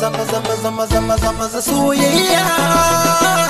maza maza maza maza maza maza soyayya